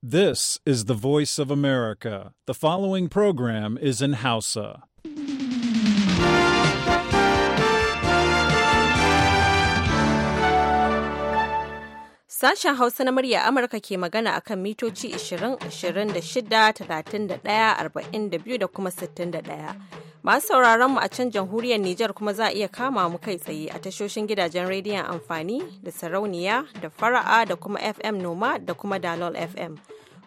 This is the voice of America. The following program is in Hausa. Sashen Hausa na murya Amurka ke magana akan mitoci 20, 26, 31, 42 da kuma 61. Masu sauraron mu a can jamhuriyar Nijar kuma za a iya kama mu kai tsaye a tashoshin gidajen rediyon amfani da sarauniya da fara'a da kuma FM Noma da kuma Dalol FM.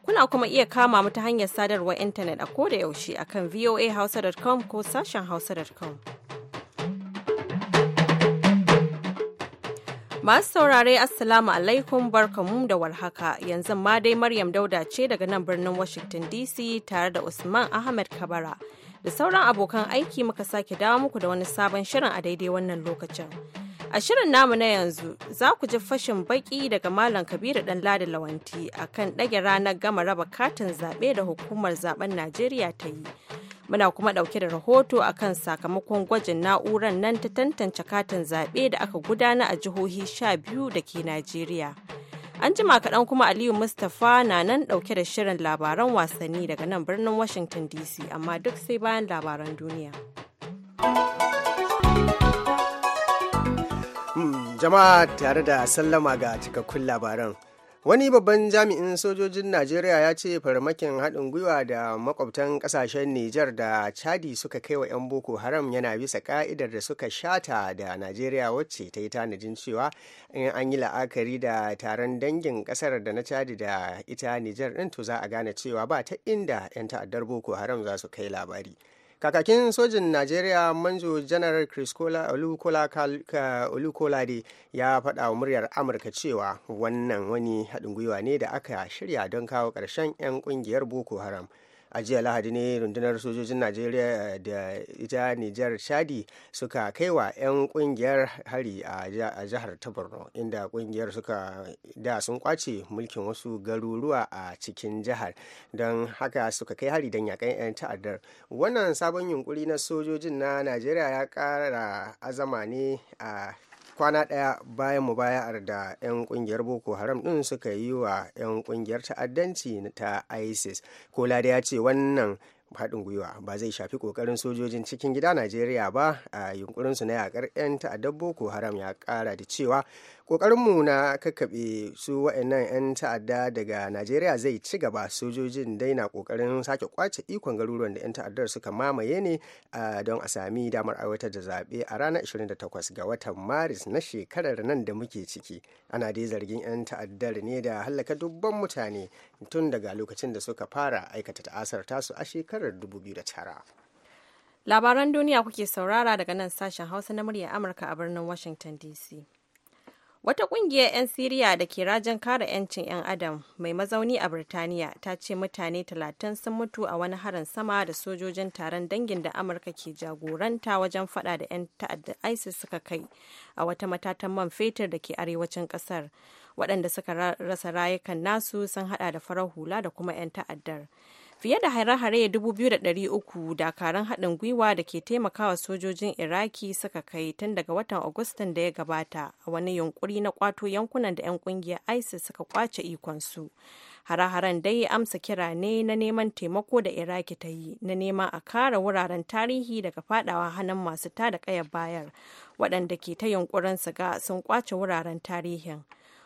Kuna kuma iya kama mu ta hanyar sadarwar intanet a ko da yaushe akan voahausa.com ko sashen hausa.com. Masu saurare Assalamu alaikum barkamu da warhaka yanzu ma dai Maryam Dauda ce daga nan birnin Washington DC tare da Usman Ahmed Kabara. da sauran abokan aiki muka sake dawo muku da wani sabon shirin a daidai wannan lokacin. A shirin namu na yanzu za ku ji fashin baki daga Malam Kabiru dan Ladi Lawanti A kan ɗage ranar gama raba katin zaɓe da hukumar zaben Najeriya ta yi. Muna kuma ɗauke da rahoto akan sakamakon gwajin na'urar nan ta tantance katin zaɓe da aka gudana a jihohi sha biyu da ke Najeriya. An jima kaɗan kuma Aliyu Mustapha na nan ɗauke da shirin labaran wasanni daga nan birnin Washington DC amma duk sai bayan labaran duniya. Hmm, jama'a tare da sallama ga cikakkun labaran. wani babban jami'in sojojin najeriya ya ce farmakin haɗin gwiwa da makwabtan ƙasashen nijar da chadi suka kai wa 'yan boko haram yana bisa ka'idar da suka shata da najeriya wacce ta yi tanadin cewa in an yi la'akari da taron dangin ƙasar da na chadi da ita nijar ɗin to za a gane cewa ba ta inda 'yan ta'addar boko haram za su kai labari kakakin sojin najeriya manjo janar olukolade ya faɗa wa muryar amurka cewa wannan wani haɗin gwiwa ne da aka shirya don kawo ƙarshen 'yan ƙungiyar boko haram a jiya lahadi ne rundunar sojojin najeriya eh, da ita nijar shadi suka kaiwa 'yan kungiyar hari a jihar ta borno inda kungiyar suka da sun kwace mulkin wasu garuruwa a cikin jihar don haka suka kai hari don yakan 'yan ta'addar wannan sabon yunkuri na sojojin na najeriya ya kara azama ne a kwana ɗaya bayan mubaya'ar da 'yan kungiyar boko haram ɗin suka yi wa 'yan kungiyar ta'addanci ta isis kola da ya ce wannan haɗin gwiwa ba zai shafi ƙoƙarin sojojin cikin gida najeriya ba a yunkurinsu na yaƙar 'yan ta'addar boko haram ya ƙara da cewa Ƙoƙarinmu na kakkaɓe su wa'annan 'yan ta'adda daga Najeriya zai ci gaba sojojin dai na ƙoƙarin sake kwace ikon garuruwan da 'yan ta'addar suka mamaye ne don a sami damar aiwatar da zaɓe a ranar 28 ga watan Maris na shekarar nan da muke ciki. Ana dai zargin 'yan ta'addar ne da hallaka dubban mutane tun daga lokacin da suka fara aikata ta'asar tasu a shekarar 2009. Labaran duniya kuke saurara daga nan sashen Hausa na murya Amurka a birnin Washington DC. Wata ƙungiyar 'yan Siriya da ke rajin kare 'yancin 'yan Adam mai mazauni a Birtaniya ta ce mutane talatin sun mutu a wani harin sama da sojojin taron dangin da Amurka ke jagoranta wajen fada da 'yan ta'adda ISIS suka kai a wata matatan man fetur da ke arewacin ƙasar. Waɗanda suka rasa rayukan nasu sun hada da farar hula da kuma 'yan ta'addar. fiye da hare-hare 2,300 dakarun haɗin gwiwa da ke taimakawa sojojin iraki suka kai tun daga watan agustan da ya gabata a wani yunkuri na kwato yankunan da 'yan kungiyar isis suka kwace ikonsu hare-haren dai amsa kira ne na neman taimako da iraki ta yi na nema a kara wuraren tarihi daga fadawa hannun masu tada kayar bayar waɗanda ke ta yunkurin su ga sun kwace wuraren tarihin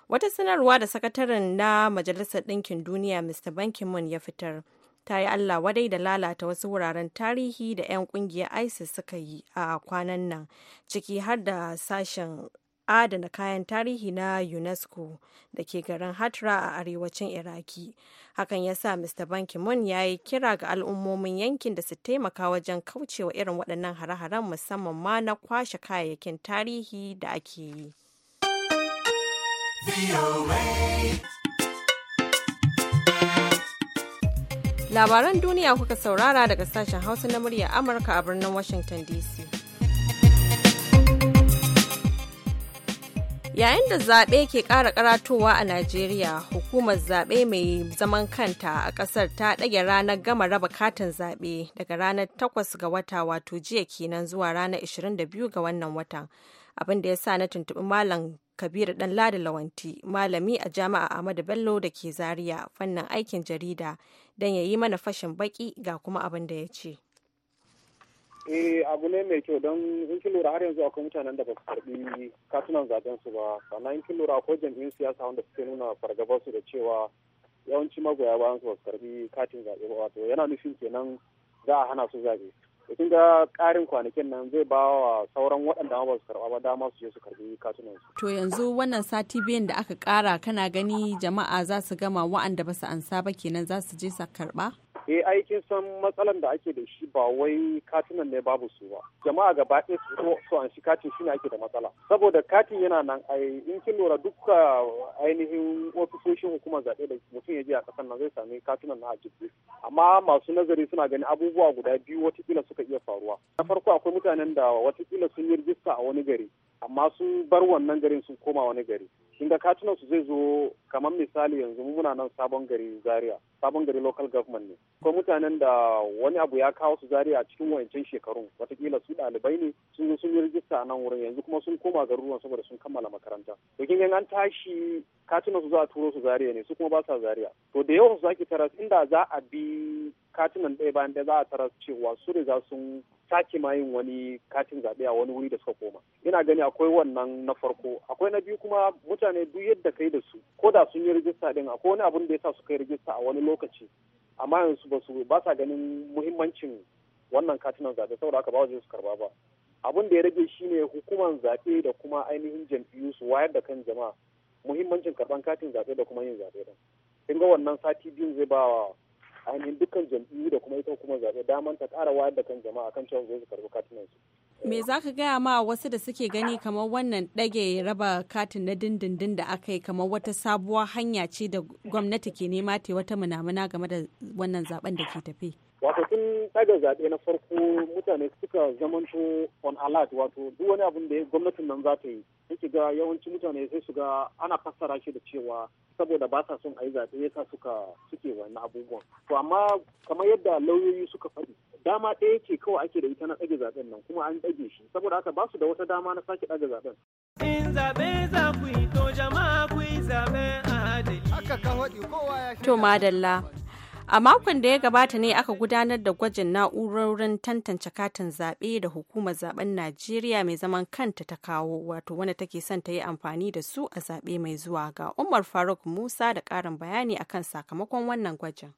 wata sanarwa da sakataren na majalisar ɗinkin duniya mr ban ya fitar ta yi Allah wadai da lalata wasu wuraren tarihi da 'yan kungiyar ISIS suka yi a kwanan nan ciki har da sashen adana kayan tarihi na UNESCO da ke garin Hatra a arewacin Iraki. Hakan ya sa Mr. Ban moon ya yi kira ga al'ummomin yankin da su taimaka wajen kaucewa irin waɗannan hare-haren musamman ma na kwashe kayayyakin tarihi da ake yi. Labaran duniya kuka saurara daga sashen Hausa na murya Amurka a birnin Washington DC. Yayin da zaɓe ke ƙara karatowa a Najeriya, hukumar zaɓe mai zaman kanta a ƙasar ta ɗage ranar gama raba katin zaɓe daga ranar 8 ga wata wato jiya kenan zuwa ranar 22 ga wannan watan. Abin da ya sa na tuntuɓi Malam Kabiru ladi Lawanti, malami a Jami'a Ahmadu Bello da ke Zaria, fannin aikin jarida. don ya yi mana fashin baki ga kuma abin da ya ce. eh abu ne mai kyau don in kin lura har yanzu akwai mutanen da ba su karbi katunan zaben su ba sannan in kin lura akwai jam'iyyun siyasa wanda suke nuna fargabar su da cewa yawanci magoya bayan su ba su karbi katin zaɓe ba wato yana nufin kenan za a hana su zaɓe kin ga ƙarin kwanakin nan zai ba wa sauran waɗanda ba su karɓa ba dama su je su karɓi katunan su. To yanzu wannan sati biyan da aka ƙara kana gani jama'a za su gama wa'anda ba su ansa ba kenan za su je su karɓa? eh aikin san matsalan da ake da shi ba wai katunan ne babu su ba jama'a gaba ɗaya su so so an shi katin shine ake da matsala saboda katin yana nan ai in kin lura duka ainihin ofisoshin hukumar zaɓe da mutum ya je a ƙasar nan zai sami katinan na ajibbe amma masu nazari suna ganin abubuwa guda biyu watakila suka iya faruwa na farko akwai mutanen da watakila sun yi rijista a wani gari amma sun bar wannan garin sun koma wani gari kin ga katunan su zai zo kamar misali yanzu muna nan sabon gari zaria sabon gari local government ne ko mutanen da wani abu ya kawo su zaria a cikin wayancin shekarun watakila su ɗalibai ne sun zo sun yi rijista a nan wurin yanzu kuma sun koma garuruwan saboda sun kammala makaranta to kin ga an tashi katunan su za a turo su zaria ne su kuma ba sa zaria to da yawan su zaki taras inda za a bi katunan ɗaya bayan ɗaya za a taras cewa su riga sun sake ma yin wani katin zaɓe a wani wuri da suka koma ina gani akwai wannan na farko akwai na biyu kuma mutane mutane duk yadda kai da su ko da sun yi rijista din akwai wani abun da ya sa su kai rijista a wani lokaci amma yanzu ba su ba sa ganin muhimmancin wannan katinan zaɓe saboda aka ba wa su karba ba abun da ya rage shi ne hukuman zaɓe da kuma ainihin jam'iyyu su wayar da kan jama'a muhimmancin karban katin zaɓe da kuma yin zaɓe din kin ga wannan sati biyun zai ba wa ainihin dukkan jam'iyyu da kuma ita hukumar zaɓe daman ta ƙara wayar da kan jama'a kan cewa zai su karbi katinan su me za ka gaya ma wasu da suke gani kamar wannan ɗage raba katin na dindindin da aka yi kamar wata sabuwar hanya ce da gwamnati ke nema ta wata munamuna game da wannan zaben da ke tafi wato tun daga zaɓe na farko mutane suka zamanto on alert wato duk wani abin da gwamnatin nan za ta yi yake ga yawancin mutane sai su ga ana fassara shi da cewa saboda ba sa son a yi zaɓe yasa suka suke wannan abubuwan to amma kamar yadda lauyoyi suka faɗi dama ɗaya ce kawai ake da ita na ɗage zaɓen nan kuma an ɗage shi saboda haka ba su da wata dama na sake ɗage zaɓen. in zaɓe za to jama'a ku yi kowa ya to madalla. A makon da ya gabata ne aka gudanar da gwajin na'urorin tantance katin zaɓe da hukumar zaben Najeriya mai zaman kanta ta kawo wato wanda take son ta yi amfani da su a zaɓe mai zuwa ga Umar Faruk Musa da ƙarin bayani akan sakamakon wannan gwajin.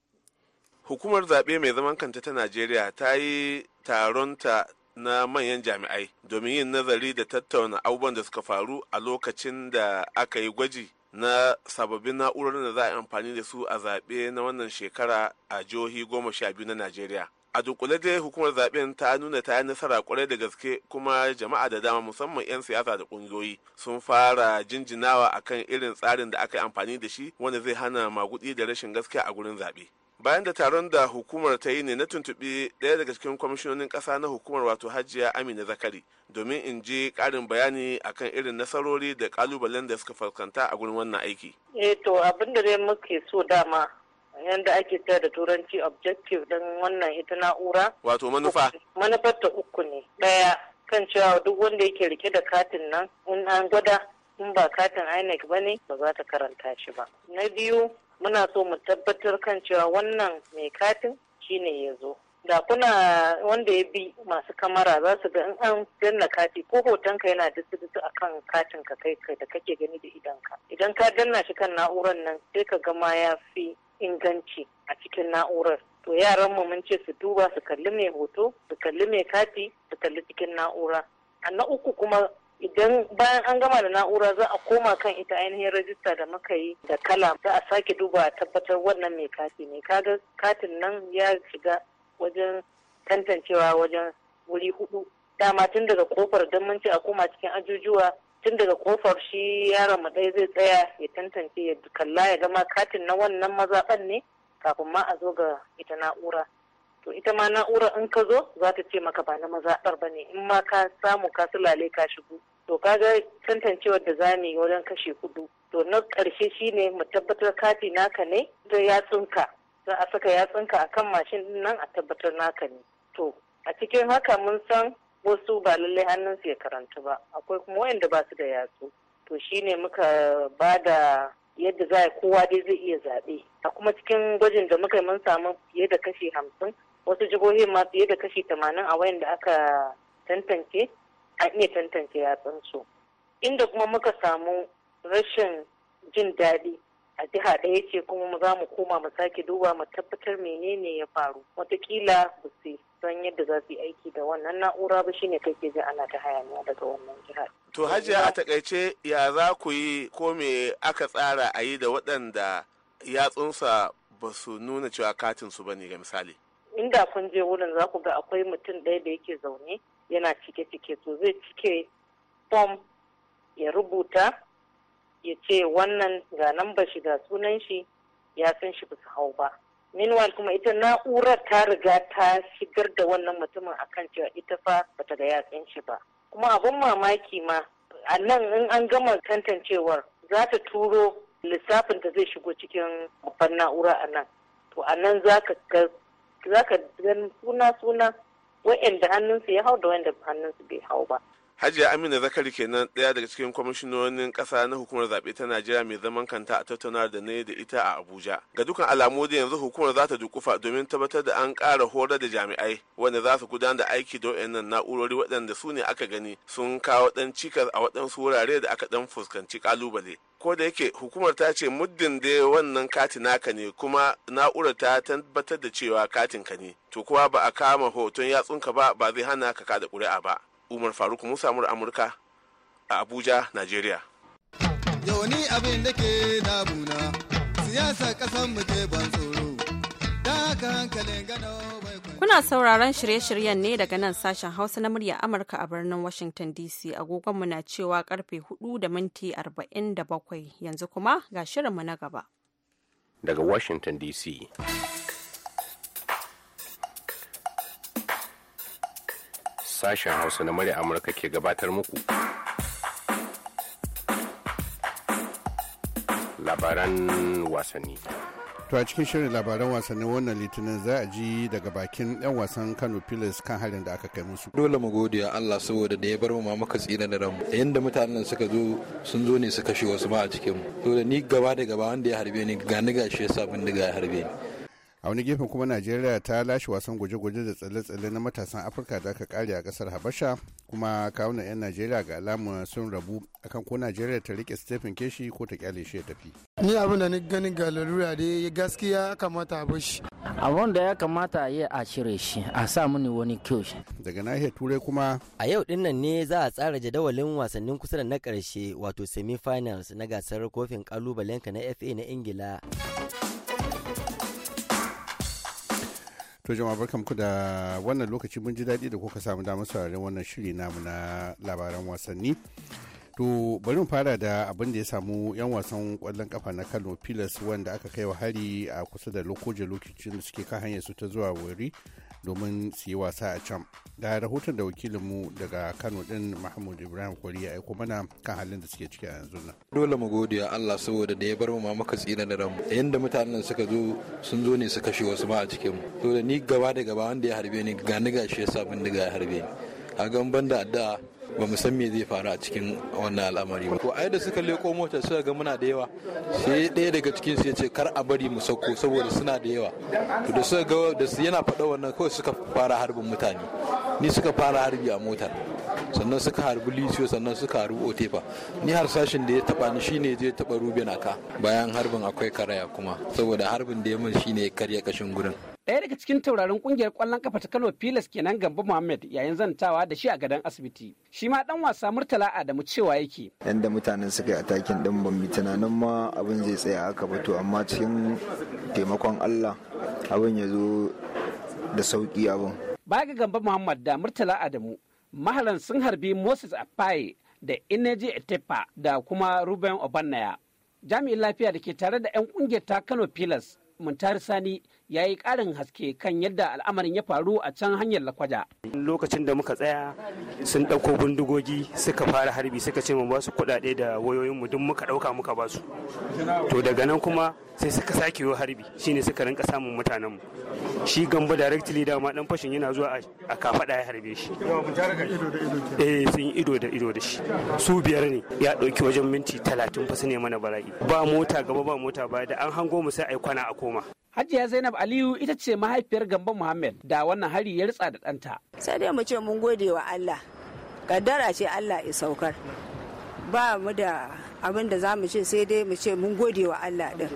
Hukumar zaɓe mai zaman kanta ta Najeriya ta yi taronta na manyan jami'ai domin yin nazari da tattauna abubuwan da suka faru a lokacin da aka yi gwaji na sababbin na'urorin da za a yi amfani da su a zaɓe na wannan shekara a jihohi goma sha biyu na najeriya a dukkule dai hukumar zaɓen ta nuna ta yi nasara kwarai da gaske kuma jama'a da dama musamman 'yan siyasa da kungiyoyi sun fara jinjinawa akan irin tsarin da aka yi amfani da shi wanda zai hana magudi da rashin gaskiya a gurin zaɓe bayan da taron da hukumar ta yi ne na tuntuɓi ɗaya daga cikin kwamishinonin ƙasa na hukumar wato hajiya amina zakari domin in ji ƙarin bayani akan irin nasarori da ƙalubalen da suka fuskanta a gurin wannan aiki. eh to abin da dai muke so dama yadda ake ta da turanci objective don wannan ita na'ura. wato manufa. manufar ta uku ne ɗaya kan cewa duk wanda yake rike da katin nan in an gwada in ba katin inec ba ne ba za ta karanta shi ba. na biyu muna so mu tabbatar kan cewa wannan mai katin shine ya zo da kuna wanda ya bi masu kamara za su ga in an danna kati ko hotonka yana dutu a kan katin ka kai da kake gani da idanka idan ka danna shi kan na'urar nan sai ka gama ya fi inganci a cikin na'urar to yaran mu mun ce su duba su kalli mai hoto su kalli mai kati su kalli cikin na'ura a na uku kuma idan bayan an gama da na'ura za a koma kan ita ainihin rajista da muka yi da kala za a sake duba a tabbatar wannan mai kati ne kaga katin nan ya shiga wajen tantancewa wajen wuri hudu dama tun daga kofar don mun ce a koma cikin ajujuwa tun daga kofar shi yaron mu zai tsaya ya tantance ya kalla ya gama katin na wannan mazaɓan ne kafin ma a zo ga ita na'ura to ita ma na'urar in ka zo za ta ce maka ba na mazaɓar ba ne in ma ka samu ka lale ka shigo to ka ga tantancewar da za mu yi wajen kashe kudu to na ƙarshe shine mu tabbatar kati naka ne da yatsunka za a saka yatsunka akan mashin din nan a tabbatar naka ne to a cikin haka mun san wasu ba lallai hannun su ya karanta ba akwai kuma wayanda ba su da yatsu to shine muka ba da yadda za a kowa dai zai iya zaɓe a kuma cikin gwajin da muka yi mun samu fiye da kashi hamsin wasu jihohin ma fiye da kashi tamanin a wayan da aka tantance an iya tantance yatsunsu inda kuma muka samu rashin jin daɗi a jiha ɗaya ce kuma za mu koma mu sake duba mu tabbatar menene ya faru watakila ba su san yadda za su yi aiki da wannan na'ura ba shine kai ke ji ana ta hayaniya daga wannan jiha. to hajiya a takaice ya za ku yi ko me aka tsara a yi da waɗanda yatsunsa ba su nuna cewa katin su bane ga misali inda kun je wurin za ku ga akwai mutum ɗaya da yake zaune yana cike-cike to zai cike fom ya rubuta ya ce wannan ga nan ba shi ga sunan shi ya san shi bisa hau ba meanwhile kuma ita na'urar ta riga ta shigar da wannan mutumin akan cewa ita fa bata ga ya san shi ba kuma abin mamaki ma a nan in an gama tantancewar za ta turo lissafin da zai shigo cikin babban na'ura a nan to a nan za ka ga zaka gani suna suna wa'anda hannunsu ya hau da wa'anda hannunsu bai hau ba hajiya amina zakari kenan ɗaya daga cikin kwamishinonin kasa na hukumar zaɓe ta najeriya mai zaman kanta a tattaunawar da yi da ita a abuja ga dukkan alamu da yanzu hukumar za ta dukufa domin tabbatar da an ƙara horar da jami'ai wanda za su gudanar da aiki da wayannan na'urori waɗanda su ne aka gani sun kawo ɗan cikas a waɗansu wurare da aka ɗan fuskanci ƙalubale ko da yake hukumar ta ce muddin da wannan katin naka ne kuma na'urar ta tabbatar da cewa katin ka ne to kuwa ba a kama hoton yatsunka ba ba zai hana ka kada ƙuri'a ba umar faruk musa mur amurka a abuja nigeria yawani abin da ke dabuna siyasa kasan mu ke ban tsoro da haka hankalin gano kuna sauraron shirye-shiryen ne daga nan sashen hausa na murya amurka a birnin washington dc agogonmu na cewa karfe 4 da minti 47 yanzu kuma ga shirinmu na gaba daga washington dc sashen hausa na murya amurka ke gabatar muku labaran wasanni to a cikin shirin labaran wasanni wannan litinin za a ji daga bakin 'yan wasan kano pilas kan harin da aka kai musu dole mu gode allah saboda da ya bar mu ma muka tsira da a yadda mutanen suka zo sun zo ne su kashe wasu ma a cikin mu to ni gaba da gaba wanda ya harbe ni ga ni gashi ya sa bindiga ya harbe ni a wani gefen kuma najeriya ta lashe wasan guje-guje da tsalle-tsalle na matasan afirka da aka kare a kasar habasha kuma kawunan 'yan najeriya ga alamu sun rabu akan ko najeriya ta rike stephen keshi ko ta kyale shi ya tafi ni abin da ni ganin ga lalura dai gaskiya ya kamata a shi abin da ya kamata a yi a cire shi a sa mini wani kyau daga nahiyar turai kuma a yau din nan ne za a tsara jadawalin wasannin kusa da na karshe wato semi-finals na gasar kofin kalubalen na fa na ingila To jama'a barkanku da wannan lokaci mun ji daɗi da kuka samu damar sauraron wannan shiri namu na labaran wasanni. To bari mu fara da abin da ya samu 'yan wasan kwallon kafa na Kano Pilas wanda aka kai wa hari a kusa da lokoje lokacin da suke kan hanyar su ta zuwa wuri domin su yi wasa a can ga rahoton da wakilinmu daga kano din mahmud ibrahim kwari ya aiko mana kan halin da suke ciki a yanzu nan dole mu gode allah saboda da ya bar mu muka tsira da ranmu yanda mutanen suka zo sun zo ne su kashe wasu ma a cikin mu to ni gaba da gaba wanda ya harbe ni ga ni gashi ya sa bindiga ya harbe ni a ban da addu'a ba mu san me zai faru a cikin wannan al'amari ba ko ai da suka leko motar suka ga muna da yawa sai ɗaya daga cikin su ya ce kar a bari mu sauko saboda suna da yawa to da suka ga da yana faɗa wannan kawai suka fara harbin mutane ni suka fara harbi a motar sannan suka harbi lisiyo sannan suka harbi otefa ni har sashin da ya taba ni shine zai taba ruben aka bayan harbin akwai karaya kuma saboda harbin da ya min shine ya karya kashin gurin Ɗaya daga cikin taurarin kungiyar ƙwallon kafa ta Kano Pilas kenan Gambo Muhammad yayin zantawa da shi a gadon asibiti. Shi ma ɗan wasa Murtala Adamu cewa yake. Yanda mutanen suka yi atakin ɗin ban tunanin ma abin zai tsaya haka ba to amma cikin taimakon Allah abin ya zo da sauƙi abin. Baya ga Gambo Muhammad da Murtala Adamu mahalan sun harbi Moses Afaye da Ineji Etepa da kuma Ruben Obannaya. Jami'in lafiya da ke tare da 'yan kungiyar ta Kano Pilas Muntari Sani ya yi ƙarin haske kan yadda al'amarin ya faru a can hanyar lakwaja. Lokacin da muka tsaya sun ɗauko bindigogi suka fara harbi suka ce mu ba su kuɗaɗe da wayoyinmu duk muka ɗauka muka ba su. To daga nan kuma sai suka sake yi harbi shine suka rinka samun mutanenmu. Shi gamba directly dama dan fashin yana zuwa a kafaɗa ya harbe shi. Eh sun yi ido da ido da shi. Su biyar ne ya ɗauki wajen minti talatin fa su mana bala'i. Ba mota gaba ba mota baya da an hango mu sai ai kwana a koma. Hajiya Zainab Aliyu ita ce mahaifiyar Gambo Muhammad da wannan hari ya ritsa da ɗanta. Sai dai mu ce mun gode wa Allah. Kaddara ce Allah ya saukar. Ba mu da abin da za mu ce sai dai mu ce mun gode wa Allah din.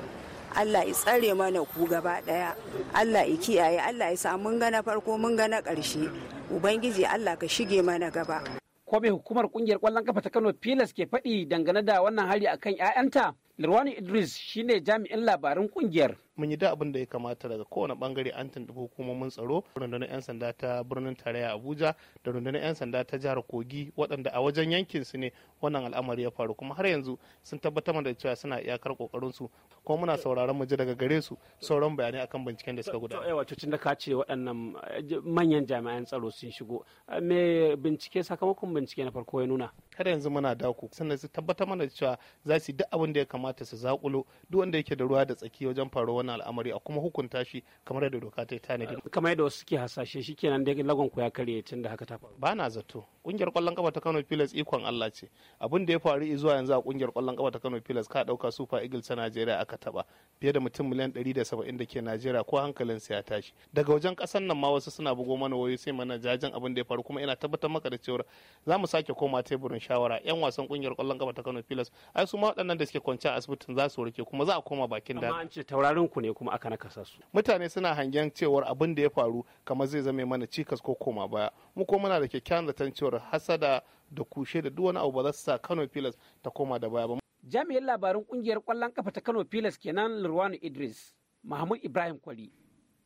Allah ya tsare mana ku gaba ɗaya. Allah ya kiyaye, Allah ya sa mun gana farko mun gana ƙarshe. Ubangiji Allah ka shige mana gaba. ko hukumar kungiyar kwallon kafa ta Kano Pilas ke faɗi dangane da wannan hari akan 'ya'yanta Lirwani Idris shine jami'in labarin kungiyar. Mun yi da abin da ya kamata daga kowane bangare an tuntuɓi hukumomin tsaro, rundunar 'yan sanda ta birnin tarayya Abuja da rundunar 'yan sanda ta jihar Kogi waɗanda a wajen yankin su ne wannan al'amari ya faru kuma har yanzu sun tabbatar da cewa suna iyakar kokarin su kuma muna sauraron mu ji daga gare su sauran bayanai akan binciken da suka gudana. To eh, wato da ka ce waɗannan eh, manyan jami'an tsaro sun shigo eh, me bincike sakamakon bincike na farko ya nuna. har yanzu muna dako sannan su tabbatar mana cewa za su duk abin da ya kamata su zakulo duk wanda yake da ruwa da tsaki wajen faruwar wannan al'amari a kuma hukunta shi kamar yadda doka ta tanadi kamar yadda wasu suke hasashe shikenan da lagon ku ya karye tun da haka ta faru ba na zato kungiyar kwallon kafa ta Kano Pilas ikon Allah ce abin da ya faru zuwa yanzu a kungiyar kwallon kafa ta Kano Pilas ka dauka Super Eagles ta Najeriya aka taba fiye da mutum miliyan 170 da ke Najeriya ko hankalin sa ya tashi daga wajen kasan nan ma wasu suna bugo mana wayo sai mana jajin abin da ya faru kuma ina tabbatar maka da cewa za mu sake koma teburin shawara yan wasan kungiyar kwallon kafa ta Kano Pilas ai su ma waɗannan da suke kwance a asibitin za su warke kuma za a koma bakin da amma an ce taurarin ku ne kuma aka nakasa su mutane suna hangen cewar abin da ya faru kamar zai zame mana cikas ko koma baya mu ko muna da kyakkyawan zaton cewa saboda hasada da kushe da duk wani abu ba za sa Kano Pilas ta koma da baya ba. Jami'in labarin kungiyar kwallon kafa ta Kano Pilas kenan Lurwanu Idris, Mahmud Ibrahim Kwali,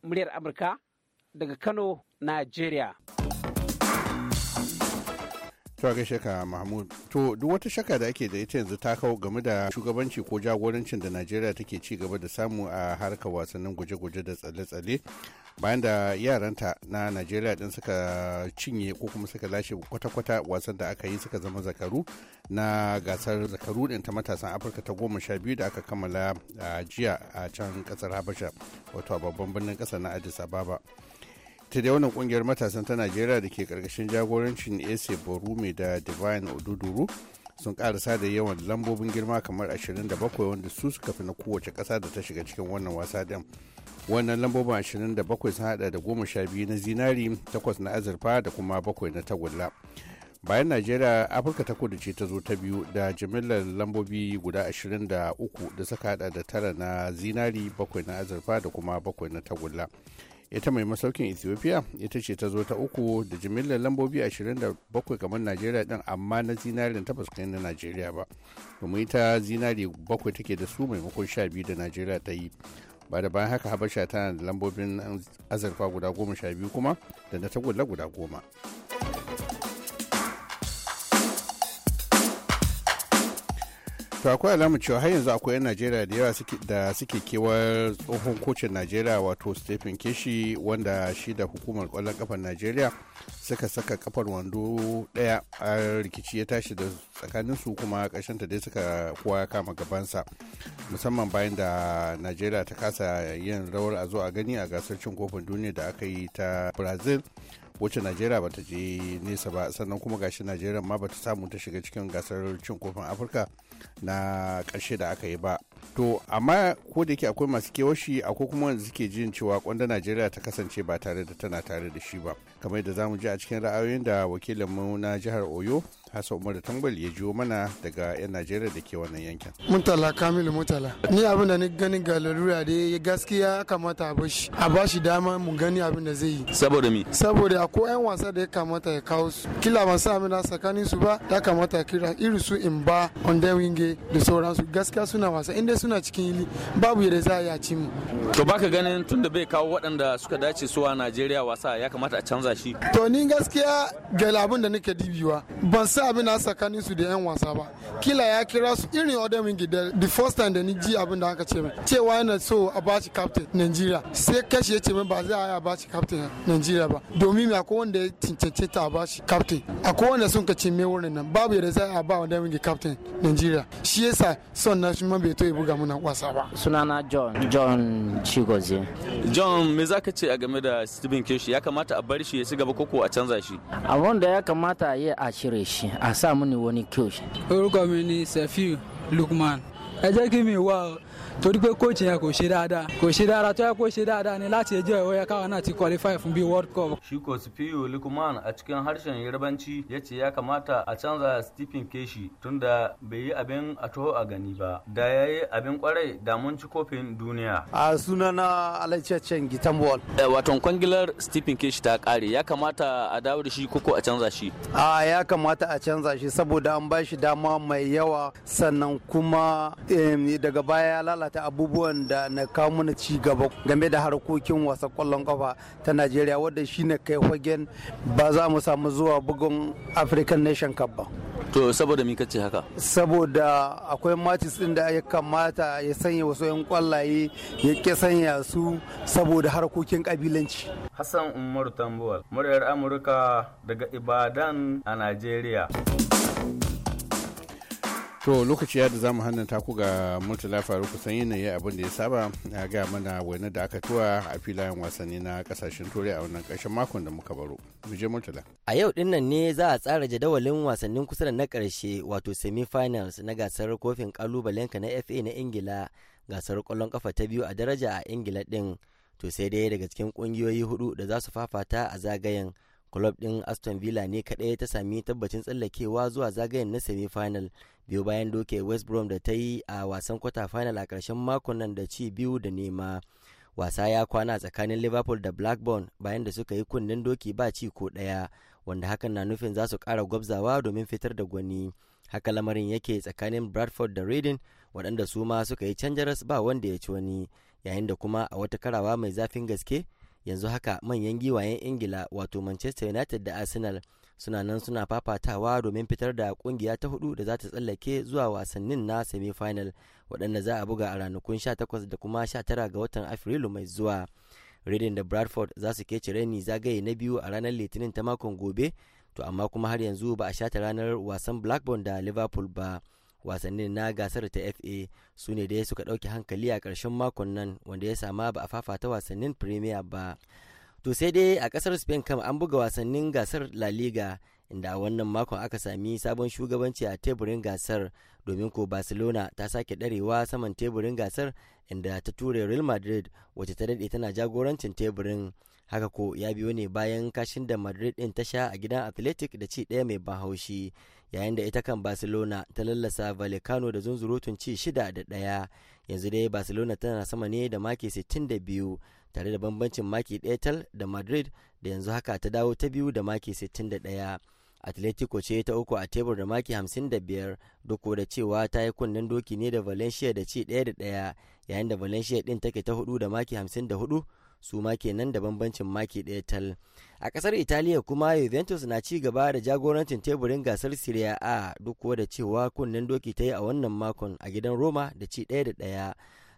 muryar Amurka daga Kano, Najeriya. to mahmud to duk wata shaka da ake da ita yanzu ta kawo game da shugabanci ko jagorancin da najeriya take ci gaba da samu a harkar wasannin guje-guje da tsalle-tsalle bayan da yaranta na najeriya din suka cinye ko kuma suka lashe kwata-kwata wasan da aka yi suka zama zakaru na gasar zakaru din ta matasan afirka ta goma sha biyu da aka kammala a jiya a can kasar habasha wato a babban birnin kasar na addis ababa ta da wannan kungiyar matasan ta najeriya da ke karkashin jagorancin ese borume da divine oduduru sun karasa da yawan lambobin girma kamar 27 wanda su suka fi na kowace kasa da ta shiga cikin wannan wasa din wannan lambobin 27 sun hada da 12 na zinari 8 na azurfa da kuma 7 na tagulla bayan najeriya afirka ta kudu ce ta zo ta biyu da jimillar lambobi guda 23 da suka hada da tara na zinari bakwai na azurfa da kuma bakwai na tagulla ita mai masaukin ethiopia ita ce ta zo ta uku da jimillar lambobi 27 kamar najeriya din amma na zinari ta kai na najeriya ba domin ita zinari bakwai take da su maimakon sha biyu da najeriya ta yi ba da bayan haka habasha tana da lambobin azurfa guda goma sha biyu kuma da na tagulla guda goma. to akwai alamun cewa har yanzu akwai 'yan najeriya da yawa da suke kewar tsohon kocin najeriya wato stephen keshi wanda shi da hukumar kwallon kafar najeriya suka saka kafar wando daya a rikici ya tashi da tsakanin su kuma ta dai suka kowa ya kama gabansa musamman bayan da najeriya ta kasa yin rawar a zo a gani a gasar cin kofin duniya da aka yi ta brazil wacce najeriya bata je nesa ba sannan kuma gashi najeriya ma bata samu ta shiga cikin gasar cin kofin afirka na ƙarshe da aka yi ba to amma ko da yake akwai masu kewashi akwai kuma wanda suke jin cewa kwanda najeriya ta kasance ba tare da tana tare da shi ba kamar da zamu ji a cikin ra'ayoyin da wakilinmu na jihar oyo Hassan Umar Tambal ya jiwo mana daga 'yan Najeriya da ke wannan yankin. Mutala Kamilu Mutala. Ni abin da ni gani ga lalura da ya gaskiya kamata a bashi. A bashi dama mu gani abin da zai yi. Saboda mi? Saboda akwai 'yan wasa da ya kamata ya kawo su. Kila ban sa amina tsakanin su ba ya kamata kira irin su in ba on da da sauransu gaskiya suna wasa inda suna cikin yili babu yadda za a ci mu. To baka ganin tun da bai kawo waɗanda suka dace suwa Najeriya wasa ya kamata a canza shi. To ni gaskiya ga labun da nake dibiwa ban sa abin na tsakanin su da 'yan wasa ba. Kila ya kira su irin order min gida the first time da ni ji abin da aka ce min cewa yana so a b'a shi captain Nigeria sai kashi ya ce min ba zai a ba shi captain Nigeria ba domin akwai wanda ya cancance ta a b'a shi captain akwai wanda sun ka ce me wurin nan babu yadda za a ba wanda min captain Nigeria shi yasa son na shi ma bai to ya buga muna wasa ba. sunana john john chigozie john me za ka ce a game da stephen keshi ya kamata a bar shi ya ci gaba koko a canza shi abin da ya kamata a yi a shirye shi a sa mini wani keshi orúkọ mi ni sefiu lukman a jaki mai mi torí pé kóòtù yẹn kò ṣe dáadáa kò ṣe dáadáa tó yẹ kó ṣe dáadáa ni láti ẹjọ́ ìwọ́ yẹ káwa náà ti qualify fún bí world cup. Shiko ko likuman a cikin harshen yarbanci ya ce ya kamata a canza stephen keshi tunda bai yi abin a toho a gani ba da ya yi abin kwarai da mun ci kofin duniya. a sunana alaicaccen gitan bol. Eh, wato kwangilar stephen keshi ta kare ya kamata a dawo da shi koko a canza shi. a ya kamata a canza shi saboda an ba shi dama mai yawa sannan kuma daga baya ya lalata lalata abubuwan da na kawo mana ci gaba game da harkokin wasan kwallon kafa ta najeriya wadda shine kai fagen ba za mu samu zuwa bugun african nation cup ba to saboda mi kace haka saboda akwai matches din da ya kamata ya sanya wasu yan kwallaye ya ke sanya su saboda harkokin kabilanci hassan umaru tambuwal muryar amurka daga ibadan a najeriya to lokaci ya da zamu hannun ku ga murtala faru kusan yanayi abin da ya saba ya ga mana wani da aka tuwa a filayen wasanni na kasashen turai a wannan karshen makon da muka baro bije murtala a yau din nan ne za a tsara jadawalin wasannin kusa da na karshe wato semi-finals na gasar kofin kalubalenka na fa na ingila gasar kwallon kafa ta biyu a daraja a ingila din to sai dai daga cikin kungiyoyi hudu da za su fafata a zagayen club din aston villa ne kadai ta sami tabbacin tsallakewa zuwa zagayen na semi-final biyu bayan doke west brom da ta yi a wasan kwata final a ƙarshen makon nan da ci biyu da nema wasa ya kwana tsakanin liverpool da blackburn bayan da suka yi kunnen doki ba ci ko ɗaya wanda hakan na nufin za su ƙara gwabzawa domin fitar da gwani haka lamarin yake tsakanin bradford da reading waɗanda su ma suka yi canjaras ba wanda ya ci wani yayin da kuma a wata karawa mai zafin gaske yanzu haka manyan giwayen ingila wato manchester united da arsenal suna nan suna fafatawa domin fitar da kungiya ta hudu da za ta tsallake zuwa wasannin na semi-final waɗanda za a buga a ranakun 18 da kuma 19 ga watan afrilu mai zuwa reading da bradford za su kece reni zagaye na biyu a ranar litinin ta makon gobe to amma kuma har yanzu ba a shata ranar wasan blackburn da liverpool ba wasannin na gasar ta fa su ne da suka ɗauki hankali a ƙarshen makon nan wanda ya sama ba a fafata wasannin premier ba To sai dai a kasar Spain kam an buga wasannin gasar La Liga inda wannan makon aka sami sabon shugabanci a teburin gasar domin ko Barcelona ta sake darewa saman teburin gasar inda ta ture Real Madrid wacce ta daɗe tana jagorancin teburin. Haka ko ya biyo ne bayan kashin da Madrid din ta sha a gidan Athletic da ci ɗaya mai ban yayin da ita kan barcelona ta lallasa vallecano da zunzurutun ci shida da daya. yanzu dai barcelona tana sama ne da maki 62 tare da bambancin maki ɗaya da madrid da yanzu haka ta dawo ta biyu da maki 61 atletico ce ta uku a tebur da maki 55 duk da cewa ta yi kunnen doki ne da valencia da ci daya da ɗaya yayin da valencia din take ta hudu da maki 54 su ma kenan da bambancin maki ɗaya tal a ƙasar italiya kuma juventus na ci gaba da jagorancin teburin gasar serie a duk da cewa kunnen doki ta yi a wannan makon a gidan roma da ci ɗaya da ɗaya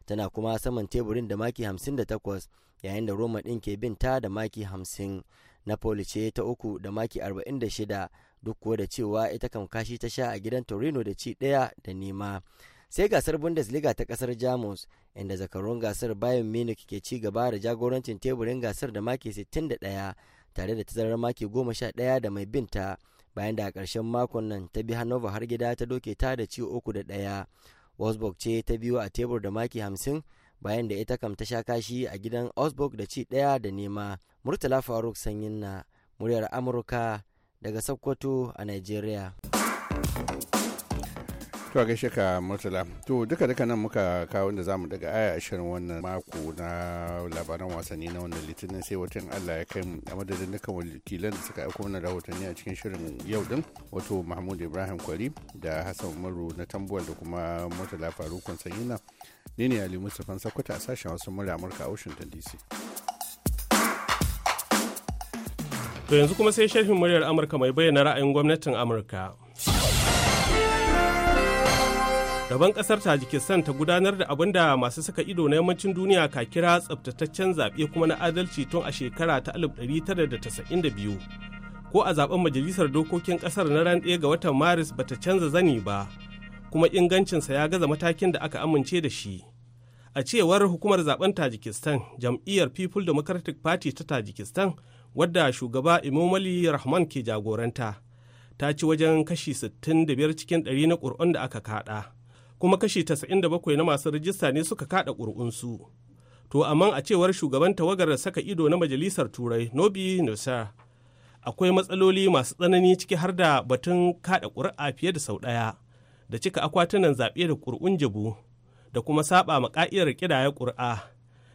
tana kuma saman teburin da maki 58 yayin da roma ɗin ke bin ta da maki 50 napoli ce ta uku da maki 46 duk da cewa ita kan kashi ta sha a gidan torino da ci ɗaya da nema sai gasar bundesliga ta kasar jamus inda zakarun gasar bayan munich ke ci gaba da jagorancin teburin gasar da maki 61 tare da tazarar maki 11 da mai binta bayan da a ƙarshen makon nan ta bi hannover har gida ta doke ta da ci uku da ɗaya wolfsburg ce ta biyu a tebur da maki 50 bayan da ita kam ta sha kashi a gidan wolfsburg da ci ɗaya da nema murtala faruk sanyin na muryar amurka daga sokoto a nigeria to gaishe ka murtala to duka duka nan muka kawo da zamu daga aya ashirin wannan mako na labaran wasanni na wannan litinin sai watan allah ya kai a madadin dukkan wakilan da suka aiko mana rahotanni a cikin shirin yau din wato mahmud ibrahim kwari da hassan umaru na tambuwal da kuma murtala farukun sanyina ni ne ali mustapha sakwata a sashen wasu murya amurka a washington dc to yanzu kuma sai shafin muryar amurka mai bayyana ra'ayin gwamnatin amurka rabon kasar Tajikistan ta gudanar da abin da masu saka ido na yammacin duniya ka kira tsabtataccen zaɓe kuma na adalci tun a shekara ta 1992. Ko a zaben majalisar dokokin ƙasar na ran ɗaya ga watan Maris bata canza zani ba, kuma ingancinsa ya gaza matakin da aka amince da shi. A cewar hukumar zaben Tajikistan, jam'iyyar People Democratic Party ta Tajikistan, wadda shugaba Imomali Rahman ke jagoranta, ta ci wajen kashi 65 cikin 100 na ƙuri'un da aka kaɗa. kuma kashi 97 na masu rijista ne suka kada ƙuri'unsu. To amma a cewar shugaban tawagar saka ido na majalisar turai Nobi Nusa akwai matsaloli masu tsanani ciki har da batun kada ƙuri'a fiye da sau ɗaya da cika akwatunan zaɓe da ƙuri'un jibu, da kuma saba ma ƙa'irar ƙidaya ƙuri'a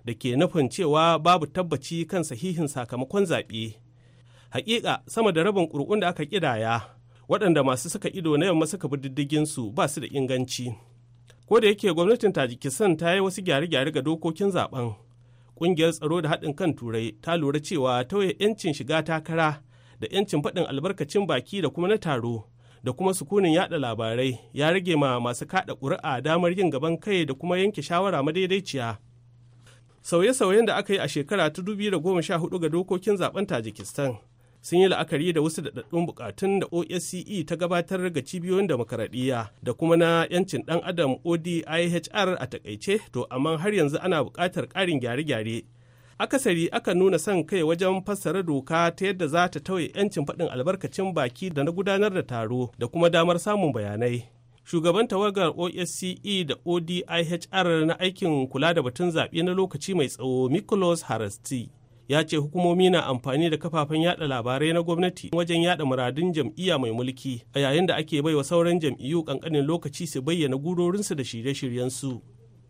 da ke nufin cewa babu tabbaci kan sahihin sakamakon zaɓe. Hakika sama da rabin ƙuri'un da aka ƙidaya waɗanda masu saka ido na yamma suka bi diddigin su ba su da inganci. ko da yake gwamnatin tajikistan ta yi wasu gyare-gyare ga dokokin zaben ƙungiyar tsaro da haɗin kan turai ta lura cewa tauye 'yancin shiga takara da 'yancin faɗin albarkacin baki da kuma na taro da kuma sukunin yaɗa labarai ya rage ma masu kaɗa ƙuri'a damar yin gaban kai da kuma yanke shawara madaidaiciya sauye-sauyen da aka yi a shekara ta da goma sha hudu ga dokokin zaben tajikistan sun yi la'akari da wasu daɗaɗɗun bukatun da OSCE ta gabatar ga cibiyoyin demokaradiyya da kuma na 'yancin ɗan adam ODIHR a takaice to amma har yanzu ana buƙatar ƙarin gyare-gyare. Akasari aka nuna son kai wajen fassara doka ta yadda za ta tauye 'yancin faɗin albarkacin baki da na gudanar da taro da kuma damar samun bayanai. Shugaban tawagar OSCE da ODIHR na aikin kula da batun zaɓe na lokaci mai tsawo Miklos Harasti. ya ce hukumomi na amfani da kafafen yada labarai na gwamnati wajen yada muradun jam'iyya mai mulki a yayin da ake baiwa sauran jam'iyyu kankanin lokaci su bayyana gurorinsu da shirye-shiryensu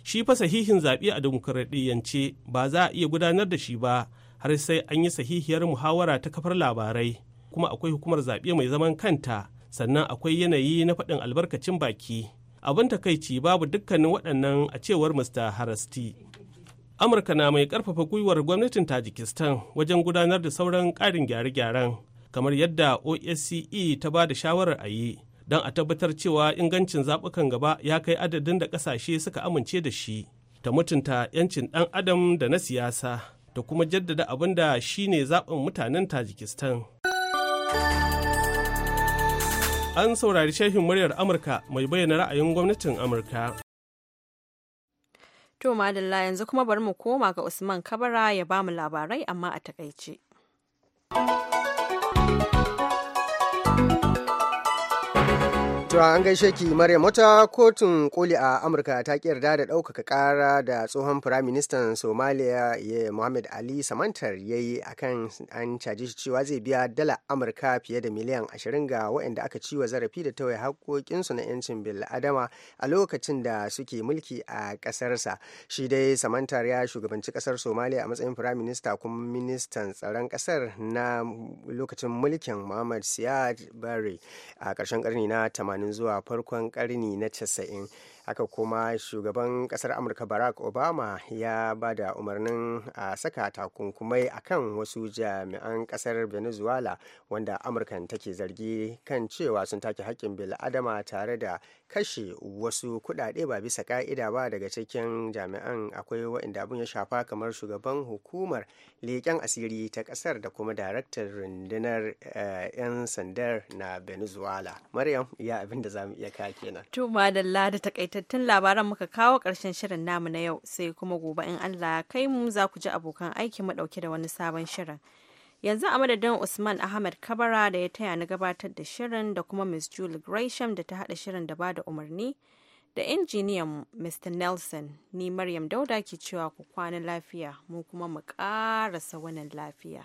shi fa sahihin zaɓe a dimokuraɗiyyance ba za a iya gudanar da shi ba har sai an yi sahihiyar muhawara ta kafar labarai kuma akwai hukumar zaɓe mai zaman kanta sannan akwai yanayi na faɗin albarkacin baki abin takaici babu dukkanin waɗannan a cewar mr harasti amurka na mai karfafa gwiwar gwamnatin tajikistan wajen gudanar da sauran karin gyare-gyaren kamar yadda osce ta ba da shawarar a yi don a tabbatar cewa ingancin zaɓukan gaba ya kai adadin da ƙasashe suka amince da shi ta mutunta 'yancin ɗan adam da na siyasa ta kuma jaddada abin da shi ne zaɓin mutanen tajikistan an saurari shehin muryar amurka mai bayyana ra'ayin gwamnatin amurka To madalla yanzu kuma bari mu koma ga Usman Kabara ya ba mu labarai amma a takaice. To an gaishe ki Maryam wata kotun koli a Amurka ta ki yarda da ɗaukaka ƙara da tsohon firaministan Somalia ya Muhammad Ali Samantar ya yi a kan an caji shi cewa zai biya dala Amurka fiye da miliyan 20 ga waɗanda aka ci wa zarafi da tawaye haƙoƙinsu na 'yancin bil'adama a lokacin da suke mulki a ƙasarsa. Shi dai Samantar ya shugabanci kasar Somalia a matsayin Minister kuma ministan tsaron ƙasar na lokacin mulkin Muhammad Siad Barre a ƙarshen ƙarni na 80. tamanin zuwa farkon karni na casa'in haka kuma shugaban kasar amurka barack obama ya ba da umarnin a saka takunkumai a kan wasu jami'an kasar venezuela wanda amurkan take zargi kan cewa sun take haƙƙin bil'adama tare da kashe wasu kuɗaɗe ba bisa ka'ida ba daga cikin jami'an akwai waɗanda abin ya shafa kamar shugaban hukumar leƙen asiri ta ƙasar da kuma daraktar rundunar eh, 'yan sandar na venezuela maryam ya abin da za mu iya ka kenan to madalla da takaitattun labaran muka kawo ƙarshen shirin namu na yau sai kuma gobe in Allah ya kai mu za ku ji abokan aiki mu ɗauke da wani sabon shirin. Yanzu a madadin Usman Ahmed Kabara da ya taya ni gabatar da shirin da kuma Miss Julie Gresham da ta haɗa shirin da ba da umarni da injiniyan Mr. Nelson ni Maryam Dauda ke cewa ku kwana lafiya mu kuma mu ƙarasa wannan lafiya.